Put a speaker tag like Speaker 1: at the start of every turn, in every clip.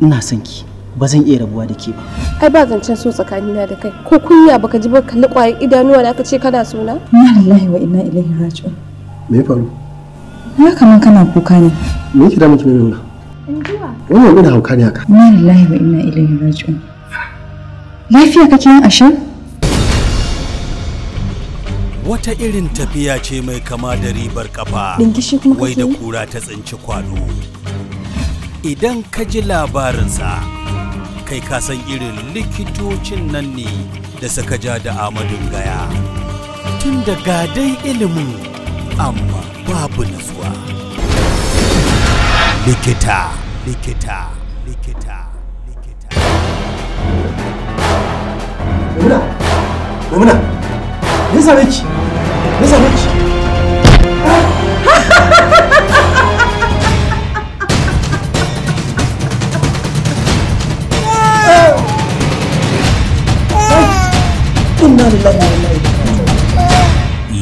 Speaker 1: ina son ki ba zan iya rabuwa da ke ba ai ba zancen so tsakanina da kai ko kunya baka ji ba kalli kwaye idanuwa na aka ce kana suna? Na lillahi wa inna ilaihi raji'un me ya faru Ya kaman kana kuka ne me yake da miki ne nuna wannan ina hauka ne haka inna lillahi wa inna ilaihi raji'un lafiya kake yin ashe wata irin tafiya ce mai kama da ribar kafa wai da kura ta tsinci kwano idan ka ji labarinsa kai ka san irin likitocin nan ne da suka ja da amadun gaya tun da gadai ilimin amma babu nutsuwa likita likita likita likita Rumuna! Rumuna! Me same ki? Me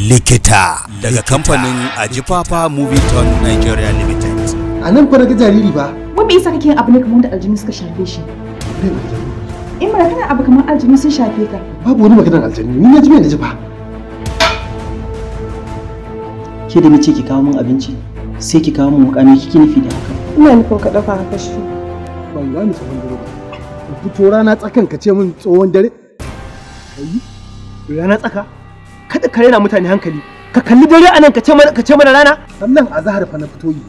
Speaker 1: likita daga kamfanin ajifafa movie ton nigeria limited a nan fara ga jariri ba wanda isa kake abu ne kamar da aljini suka shafe shi in ba kana abu kamar aljini sun shafe ka babu wani maganar aljini ni na ji mai ji ba ke da ce ki kawo min abinci sai ki kawo min mukami kike nufi da haka ina nufin ka dafa haka shi ban gane tsohon dare ba fito rana tsakan ka ce min tsohon dare ayi rana tsaka kada ka raina mutane hankali ka kalli dare anan ka ce mana ka ce mana rana sannan a zahar fa na fito yi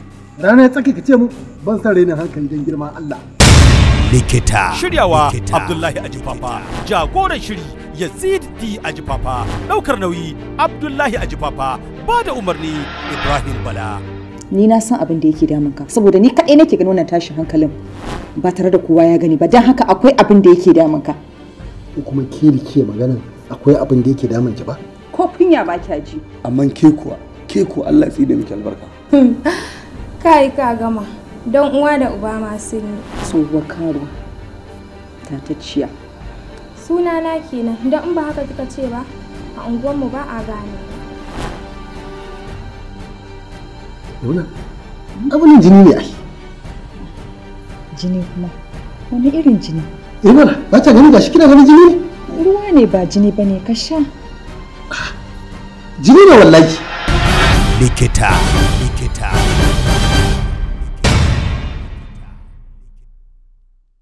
Speaker 1: rana ya tsake ka ce mu ban san rainin hankali don girman Allah likita shiryawa Abdullahi Ajifafa jagoran shiri Yazid D Ajifafa daukar nauyi Abdullahi Ajifafa ba da umarni Ibrahim Bala ni na san abin da yake damun ka saboda ni kadai nake ganin wannan tashin hankalin ba tare da kowa ya gani ba dan haka akwai abin da yake damun ka kuma ke ke maganar akwai abin da yake damun ki ba ko kunya ba kya ji amma ke kuwa ke ko Allah da miki albarka hmm. kai ka gama don uwa da uba ma sun yi tsohuwar karuwa tatacciya suna na kenan don in ba haka kika ce ba a unguwanmu ba a gane Yuna, abin jini ne ai. Jini kuma, wani irin jini? Eh mana, ba ta gani gashi kina ganin jini ne? ruwa ne ba jini bane ne ka sha jini ne wallahi likita